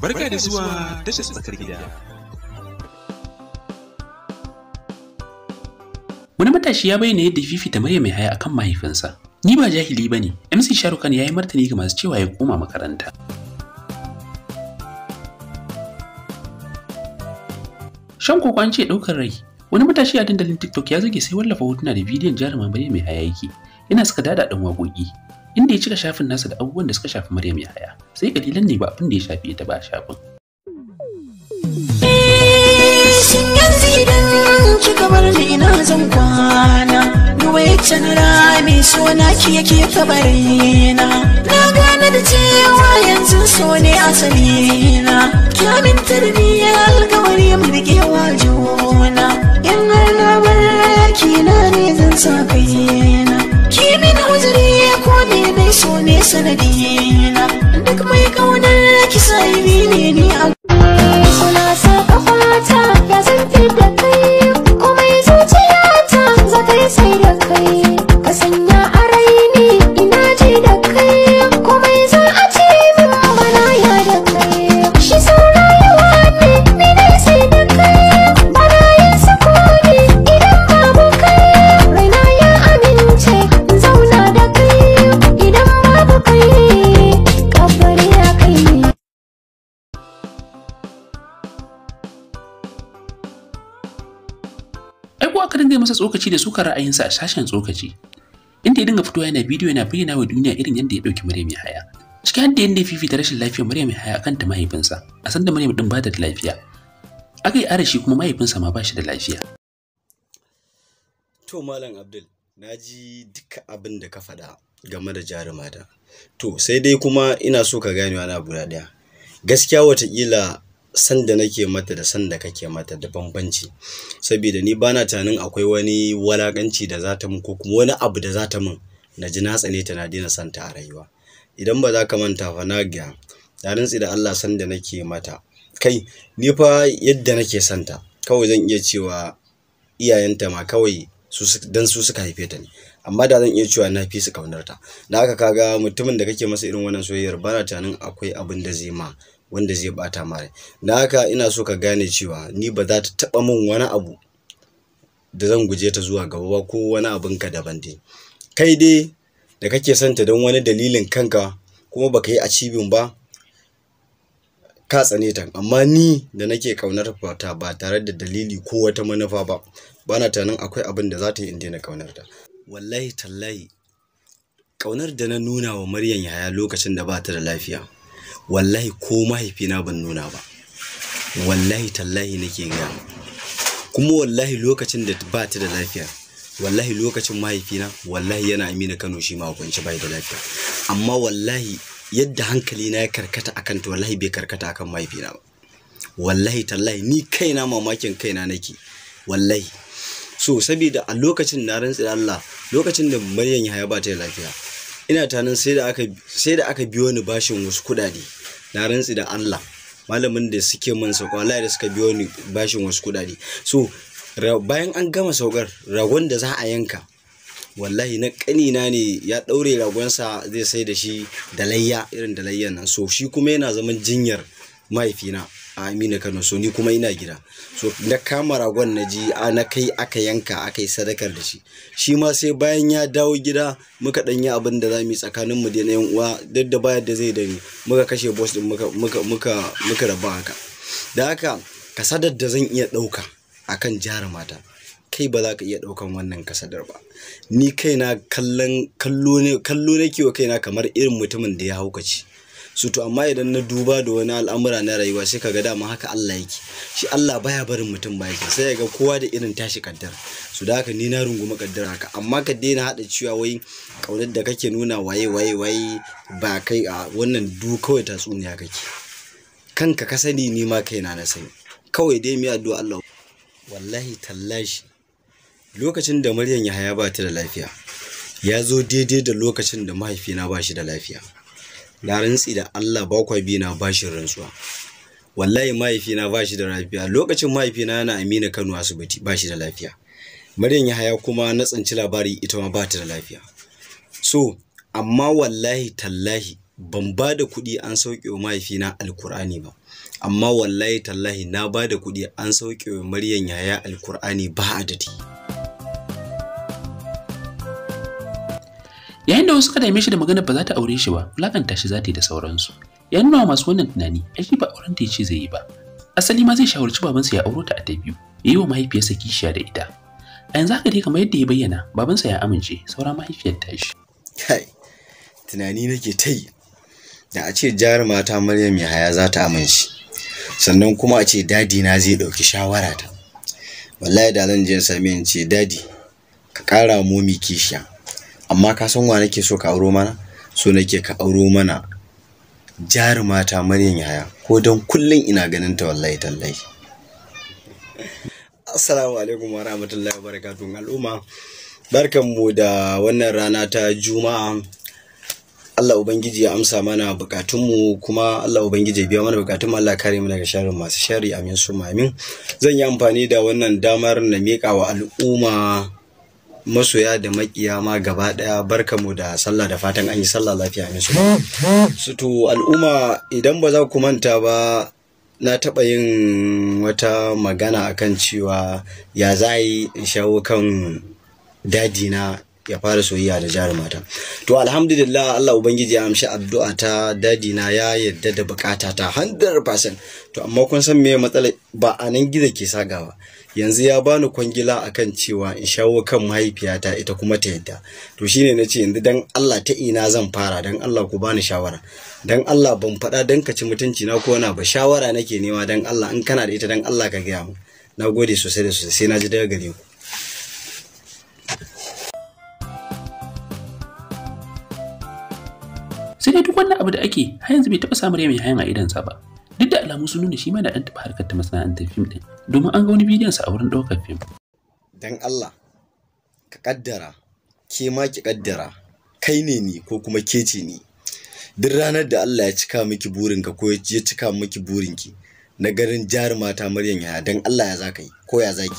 Barka da zuwa tashar tsakar gida. Wani matashi ya bayyana yadda fifita maye mai haya akan mahaifinsa. Ni ba jahili ba ne, MC Sharukan ya yi martani ga masu cewa ya koma makaranta. Shan koko an ce ɗaukar rai. Wani matashi a dandalin TikTok ya zage sai wallafa hotuna da bidiyon jarumin bare mai haya yake. Yana suka dada ɗan waƙoƙi. inda ya cika shafin nasa da abubuwan da suka shafi Maryam Yahaya sai kalilan ne ba abin da ya shafi ita ba shafin eh, ina zan kwana duwa ya canara mai sona ki yake kabarina na gane da cewa yanzu so ne asalina kyamin tarbiyya alkawari mu wa juna in har na ne zan sa kaina sune so ne sanadina duk mai kaunar ki sai ne ni a kuna sa kafata ya san da kai komai zuciyata za ta yi sai da kai masa tsokaci da suka ra'ayinsa a sashen tsokaci inda ya dinga fitowa yana bidiyo yana bayyana wa duniya irin yadda ya ɗauki Maryam Yahaya cikin hadda yadda ya fifita rashin lafiyar Maryam Yahaya akan ta mahaifinsa a sanda Maryam din bata da lafiya aka yi arashi kuma mahaifinsa ma ba shi da lafiya to malam Abdul na ji duka abin da ka faɗa game da jarumata to sai dai kuma ina so ka gane wani abu ɗaya gaskiya watakila sanda nake mata da da kake mata da bambanci saboda ni bana tunanin akwai wani walakanci da za ta mun ko kuma wani abu da za ta mun na ji na tsane ta na daina santa a rayuwa idan ba za ka manta fa na ga na rantsi da Allah sanda nake mata kai ni fa yadda nake santa kawai zan iya cewa iyayenta ma kawai dan su suka haife ta ne amma da zan iya cewa na fi su kaunar ta da haka kaga mutumin da kake masa irin wannan soyayyar bana tunanin akwai abin da zai ma wanda zai bata mare na haka ina so ka gane cewa ni ba za ta taba min wani abu da zan guje ta zuwa gaba ba ko wani abin ka daban dai kai dai da kake son ta don wani dalilin kanka kuma baka yi acibin ba ka tsane ta amma ni da nake kaunar ta ba tare da dalili ko wata manufa ba bana tunanin akwai abin da za ta yi in daina kaunar ta wallahi tallahi kaunar da na nuna wa Maryam yaya lokacin da ba ta da lafiya wallahi ko mahaifina ban nuna ba wallahi tallahi nake gaya kuma wallahi lokacin da ba ta da lafiya wallahi lokacin mahaifina wallahi yana amina kano shi ma kwanci bai da lafiya amma wallahi yadda hankali na ya karkata akan ta wallahi bai karkata akan mahaifina ba wallahi tallahi ni kaina mamakin kaina nake wallahi so saboda a lokacin na rantsi Allah lokacin da Maryam Yahaya ba ta da lafiya ina tanan sai da aka biyo ni bashin wasu kuɗaɗe na rantsi da Allah malamin da suke man sauka wallahi da suka biyo ni bashin wasu kuɗaɗe so bayan an gama saukar ragon da za a yanka wallahi na kanina ne ya ɗaure ragonsa zai sai da shi da irin da layyan nan so shi kuma yana zaman jinyar mahaifina a Amina Kano so ni kuma ina gida so na kama ragon na ji a na kai aka yanka aka yi sadakar da shi shi ma sai bayan ya dawo gida muka dan yi abin da za mu yi tsakanin mu da uwa duk da bayar da zai dani muka kashe boss din muka muka muka raba haka da haka kasadar da zan iya dauka akan mata kai ba za ka iya ɗaukan wannan kasadar ba ni kaina kallon kallo ne kallo nake wa kaina kamar irin mutumin da ya haukaci su to amma idan na duba da wani al'amura na rayuwa sai kaga dama haka Allah yake shi Allah baya barin mutum ba yake sai ga kowa da irin tashi kaddara su da haka ni na runguma kaddara haka amma ka daina haɗa cewa wai kaunar da kake nuna waye waye waye ba kai a wannan du kawai tatsuniya kake kanka ka sani ni ma kaina na sani kawai dai mi addu'a Allah wallahi tallashi lokacin da Maryam ya haya ba ta da lafiya ya zo daidai da lokacin da mahaifina ba shi da lafiya na rantsi da Allah ba kwa bi na bashi rantsuwa wallahi mahaifina ba shi da lafiya lokacin mahaifina yana amina Kano asibiti bashi da lafiya Maryam Yahaya kuma na tsanci labari ita ma ba ta da lafiya so amma wallahi tallahi ban ba da kuɗi an sauke wa mahaifina alkur'ani ba amma wallahi tallahi na ba da kuɗi an sauke wa Maryam Yahaya alkur'ani ba adadi yayin da wasu suka dame shi da magana ba za ta aure shi ba wulakanta shi za ta yi da sauransu ya nuna masu wannan tunani aiki ba auren ta ce zai yi ba asali ma zai shawarci babansa ya aure ta a ta biyu ya yi wa mahaifiyarsa kishiya da ita a yanzu haka dai kamar yadda ya bayyana babansa ya amince sauran mahaifiyar ta shi kai tunani nake ta yi da a ce jar mata maryam ya haya za ta amince sannan kuma a ce dadi na zai ɗauki shawara ta wallahi da zan je sami in ce dadi ka ƙara momi kishiya amma ka san wa nake so ka auro mana so nake ka auro mana jarumata maryam yaya ko don kullum ina ganin ta wallahi tallahi assalamu alaikum wa rahmatullahi wa barakatuhu al'umma barkanmu da wannan rana ta juma'a Allah Ubangiji ya amsa mana bukatunmu kuma Allah Ubangiji ya biya mana bukatun Allah kare mu daga sharrin masu shari amin su amin zan yi amfani da wannan damar na miƙa wa al'umma masoya da makiya ma gaba daya mu da sallah da fatan an yi sallah lafiya min su su to al'umma idan ba za ku manta ba na taɓa yin wata magana akan cewa ya za yi in shawo kan dadina ya fara soyayya da mata to alhamdulillah Allah ubangiji ya amshi addu'a ta dadi na ya yarda da bukata ta 100% to amma kun san me matsalar ba a nan gida ke sagawa yanzu ya bani kwangila akan cewa in shawo kan mahaifiyata ita kuma ta yadda to shine na ce yanzu dan Allah ta ina zan fara dan Allah ku bani shawara dan Allah ban faɗa dan ka ci mutunci na ko na ba shawara nake nema dan Allah in kana da ita dan Allah ka gaya mu na gode sosai da sosai sai na ji daga gare ku sai dai duk wannan abu da ake har yanzu bai taɓa samu mai hayan a idan sa ba alamu sun nuna shi ma da ɗan tafi harkar ta masana'antar fim ɗin domin an ga wani bidiyon sa a wurin ɗaukar fim. Dan Allah ka kaddara ke ma ki kaddara kai ne ni ko kuma ke ce ni duk ranar da Allah ya cika miki burin ka ko ya cika miki burin ki, na garin jari mata Maryam yaya, dan Allah ya zaka yi ko ya zaki.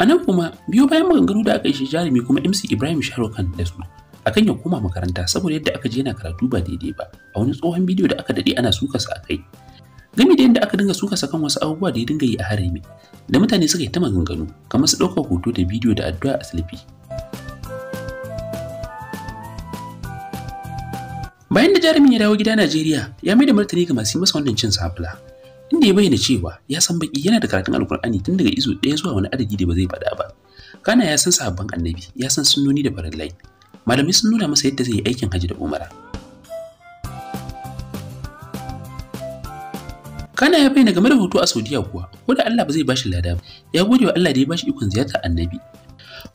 A nan kuma biyo bayan maganganu da aka yi jarumi kuma MC Ibrahim Sharukan da su akan ya koma makaranta saboda yadda aka je yana karatu ba daidai ba a wani tsohon bidiyo da aka dade ana suka sa kai. Gami da yadda aka dinga suka sa kan wasu abubuwa da ya dinga yi a harami da mutane suka yi ta maganganu kamar su ɗaukar hoto da bidiyo da addu'a a silfi bayan da jarumin ya dawo gida Najeriya ya mai da martani ga masu masa wannan cin sabula inda ya bayyana cewa ya san baki yana da karatun alkur'ani tun daga izo ɗaya zuwa wani adadi da ba zai faɗa ba kana ya san sahabban annabi ya san sunnoni da farallai malamai sun nuna masa yadda zai yi aikin hajji da umara kana ya bayyana game da hoto a saudiya kuwa ko da allah ba zai bashi lada ba ya gode wa allah da ya bashi ikon ziyartar annabi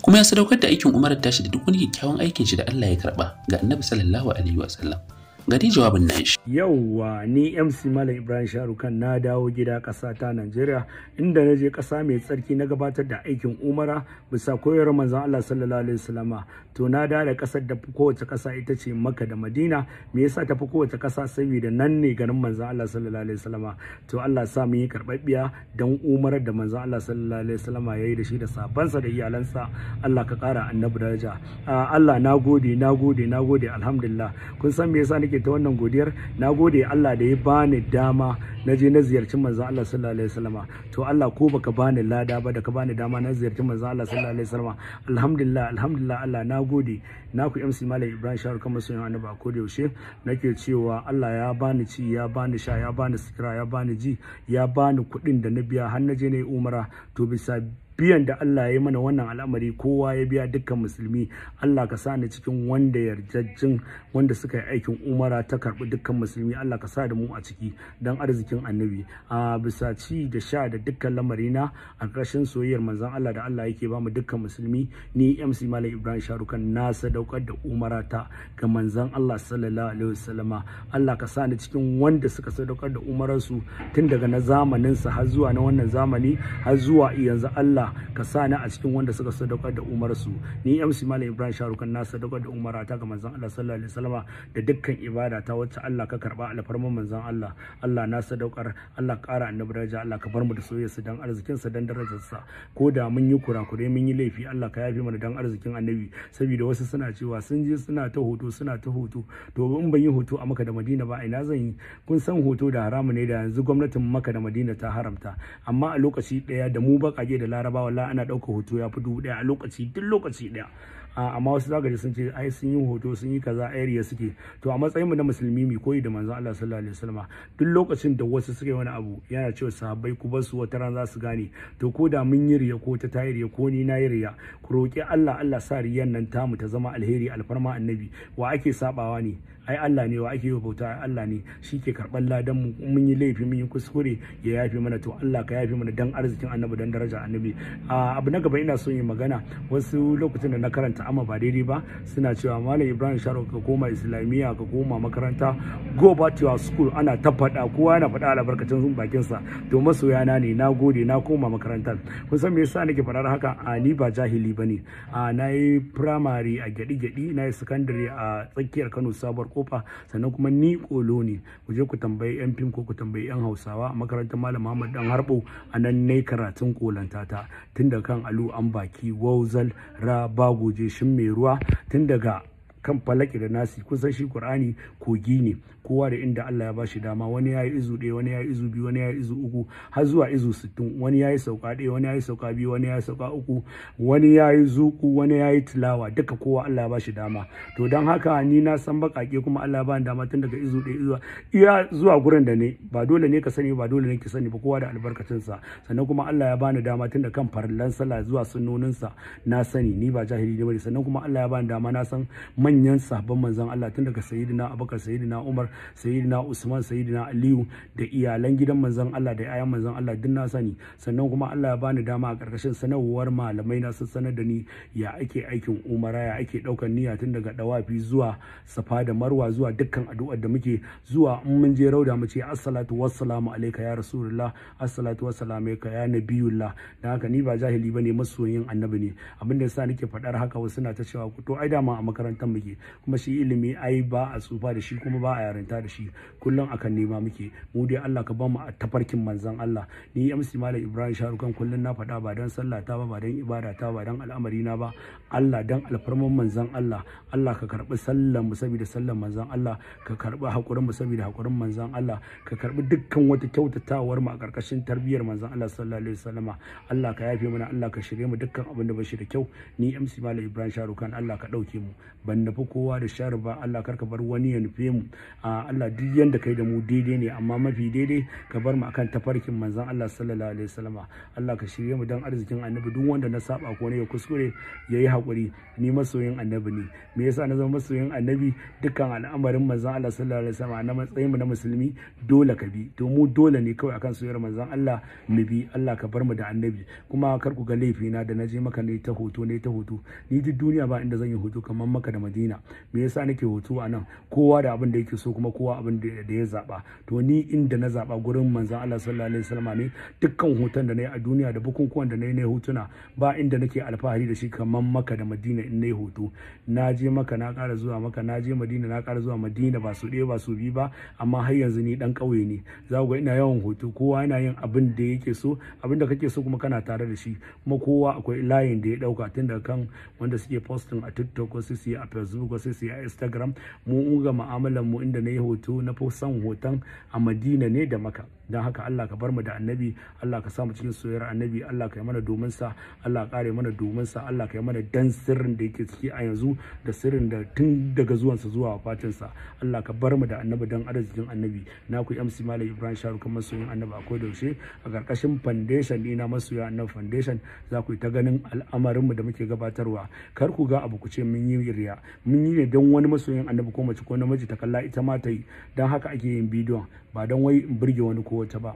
kuma ya sadaukar da aikin umarar tashi da duk wani kyakkyawan aikin shi da allah ya karba ga annabi sallallahu alaihi wa sallam gari jawabin na shi. Yauwa ni MC Malam Ibrahim Sharukan na dawo gida ƙasa ta Najeriya inda na je ƙasa mai tsarki na gabatar da aikin Umara bisa koyar manzon Allah sallallahu alaihi wa sallama. to na da da kasar da kowace kasa ita ce Makka da Madina me yasa ta fi kowace kasa saboda nan ne garin manzan Allah sallallahu alaihi wasallama to Allah sa mu yi karbabbiya dan umarar da manzan Allah sallallahu alaihi wasallama yayi da shi da sabansa da iyalansa Allah ka kara annabi daraja Allah nagode nagode nagode alhamdulillah kun san me yasa nake ta wannan godiyar nagode Allah da ya bani dama na je na ziyarci manzan Allah sallallahu alaihi wasallama to Allah ko baka bani lada ba da ka bani dama na ziyarci manzan Allah sallallahu alaihi wasallama alhamdulillah alhamdulillah Allah na gode naku MC Malam Ibrahim Sharu kamar sun yana ba ko da yaushe nake cewa Allah ya bani ci ya bani sha ya bani sikira ya bani ji ya bani kuɗin da na biya har na je na yi umara to bisa biyan da Allah ya mana wannan al'amari kowa ya biya dukkan musulmi Allah ka sa ni cikin wanda yarjajjin wanda suka yi aikin umara ta karɓi dukkan musulmi Allah ka sa da mu a ciki dan arzikin annabi a bisa ci da sha da dukkan na a ƙarshen soyayyar manzon Allah da Allah yake ba mu dukkan musulmi ni MC Malam Ibrahim Sharukan na sadaukar da umara ta ga manzon Allah sallallahu alaihi wasallama Allah ka sa ni cikin wanda suka sadaukar da umaransu tun daga na zamaninsa har zuwa na wannan zamani har zuwa yanzu Allah ka sa ni a cikin wanda suka sadaukar da umarsu ni MC Malam Ibrahim Sharukan na sadaukar da umara ta ga manzon Allah sallallahu alaihi wasallama da dukkan ibada ta wacce Allah ka karba alfarman manzon Allah Allah na sadaukar Allah kara annabi daraja Allah ka bar mu da sa dan arzikin sa dan darajar sa ko da mun yi kurakure mun yi laifi Allah ka yafe mana dan arzikin annabi saboda wasu suna cewa sun je suna ta hoto suna ta hoto to in ban yi hoto a Makka da Madina ba ina zan yi kun san hoto da haramu ne da yanzu gwamnatin Makka da Madina ta haramta amma a lokaci daya da mu baƙaƙe da Laraba ba wallahi ana ɗaukar hoto ya fi dubu ɗaya a lokaci duk lokaci ɗaya amma wasu zaka ji sun ce ai sun yi hoto sun yi kaza area suke to a matsayin mu na musulmi mu koyi da manzon Allah sallallahu alaihi wasallam duk lokacin da wasu suka wani abu yana cewa sahabbai ku bar su wata ran za su gane to ko da mun yi riya ko ta tayi riya ko ni na yi riya ku roki Allah Allah sa riyan nan tamu ta zama alheri alfarma annabi wa ake sabawa ne ai Allah ne wa ake yi bauta ai Allah ne shi ke karɓar ladan mu mun yi laifi mun yi kuskure ya yafe mana to Allah ka yafe mana dan arzikin annabi dan daraja annabi abu na gaba ina so yin magana wasu lokacin da na karanta amma ba daidai ba suna cewa malam Ibrahim Sharo ka koma islamiyya ka koma makaranta go back to school ana ta faɗa kowa yana faɗa albarkacin bakin sa to masoya na ne na gode na koma makaranta kun san me yasa nake faɗar haka a ni ba jahili bane a na yi primary a gyaɗi-gyaɗi na yi secondary a tsakiyar Kano sabuwar kofa sannan kuma ni kolo ne ku je ku tambayi yan fim ko ku tambayi yan hausawa a makarantar malam muhammad dan harbo a nan ne karatun kolanta ta tun da kan alu an baki wauzal ra bagoje shin mai ruwa tun daga kan falaki da nasi kusan shi kur'ani kogi ne kowa da inda Allah ya ba shi dama wani ya yi izu ɗaya wani ya yi izu biyu wani ya yi izu uku har zuwa izu sittin wani ya yi sauka ɗaya wani ya yi sauka biyu wani ya yi sauka uku wani ya yi zuku wani ya yi tilawa duka kowa Allah ya ba shi dama to don haka ni na san baƙaƙe kuma Allah ya ba ni dama tun daga izu ɗaya zuwa iya zuwa gurin da ne ba dole ne ka sani ba dole ne ki sani ba kowa da albarkacinsa sannan kuma Allah ya bani dama tun da kan farallan sallah zuwa sunnoninsa na sani ni ba jahili ne bane sannan kuma Allah ya bani dama na san manyan sahabban manzon Allah tun daga sayyidina Abubakar sayyidina Umar sayyidina usman sayyidina aliyu da iyalan gidan manzon Allah da 'ya'yan manzon Allah duk na sani sannan kuma Allah ya bani dama a karkashin sanarwar malamai na sun sanar da ni ya ake aikin umara ya ake daukar niyya tun daga dawafi zuwa safa da marwa zuwa dukkan addu'ar da muke zuwa in mun je rauda mu ce assalatu wassalamu alayka ya rasulullah assalatu wassalamu alayka ya nabiyullah dan haka ni ba jahili bane masoyin annabi ne abin da yasa nake faɗar haka wasu na ta cewa to ai dama a makarantar muke kuma shi ilimi ai ba a tsufa da shi kuma ba a yaran manta da shi kullum akan nema muke mu dai Allah ka ba mu a tafarkin manzon Allah ni MC Malam Ibrahim Sharukan kullum na faɗa ba dan sallah ta ba ba dan ibada ta ba dan al'amari na ba Allah dan alfarman manzan Allah Allah ka karbi sallan mu saboda sallan manzan Allah ka karbi hakurin mu saboda hakurin manzan Allah ka karbi dukkan wata kyautatawar mu a karkashin tarbiyar manzan Allah sallallahu alaihi wasallama Allah ka yafe mana Allah ka shirye mu dukkan abin da ba shi da kyau ni MC Malam Ibrahim Sharukan Allah ka ɗauke mu ban nufi kowa da shari ba Allah kar ka bar wani ya nufe mu Allah duk yanda kai da mu daidai ne amma mafi daidai ka bar mu akan tafarkin manzan Allah sallallahu alaihi wasallama Allah ka shirye mu dan arzikin annabi duk wanda na saba ko ne ya kuskure yayi Kuri ni masoyin annabi ne me yasa na zama masoyin annabi dukkan al'amarin manzon Allah sallallahu alaihi wasallam na matsayin mu na musulmi dole ka bi to mu dole ne kawai akan soyayyar manzon Allah mu bi Allah ka bar mu da annabi kuma kar ku ga laifi na da naje je maka ne ta hoto ne ta hoto ni duk duniya ba inda zan yi hoto kamar maka da Madina me yasa nake hoto a nan kowa da abin da yake so kuma kowa abin da ya zaba to ni inda na zaba gurin manzon Allah sallallahu alaihi wasallam ne dukkan hoton da na yi a duniya da bukunkuwan da na yi na hotuna ba inda nake alfahari da shi kamar maka maka da madina in na yi hoto na je maka na kara zuwa maka na je madina na kara zuwa madina ba su ɗaya ba su biyu ba amma har yanzu ni dan kauye ne za ku ga ina yawan hoto kowa yana yin abin da yake so abin da kake so kuma kana tare da shi kuma kowa akwai layin da ya ɗauka tun daga kan wanda suke posting a tiktok ko su a facebook ko su a instagram mu unga mu'amalar mu inda na yi hoto na fi son hoton a madina ne da maka don haka Allah ka bar mu da annabi Allah ka sa mu cikin soyayyar annabi Allah ka yi mana domin sa Allah ka kare mana domin sa Allah ka yi mana dan sirrin da yake ciki a yanzu da sirrin da tun daga zuwansa zuwa wafatin sa Allah ka bar mu da annabi dan arzikin annabi na ku MC Malam Ibrahim Sharu kan masoyin annabi akwai da yaushe a karkashin foundation ni na masoya annabi foundation za ku yi ta ganin al'amarin mu da muke gabatarwa kar ku ga abu ku ce mun yi riya mun yi ne dan wani masoyin annabi ko mace ko namiji ta kalla ita ma ta yi dan haka ake yin bidiyon ba dan wai in burge wani ko ko wata ba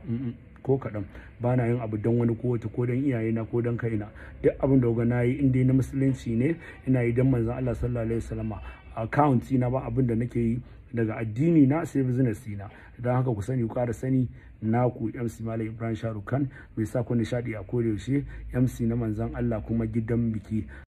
ko kaɗan ba na yin abu don wani ko wata ko don iyayena ko don kaina duk abin da na yi inda dai na musulunci ne ina yi don manzon Allah sallallahu alaihi wasallama account na ba abin da nake yi daga addini na sai business na don haka ku sani ku ƙara sani na ku MC Malam Ibrahim Sharukan mai sa ku nishadi a kodayaushe MC na manzan Allah kuma gidan biki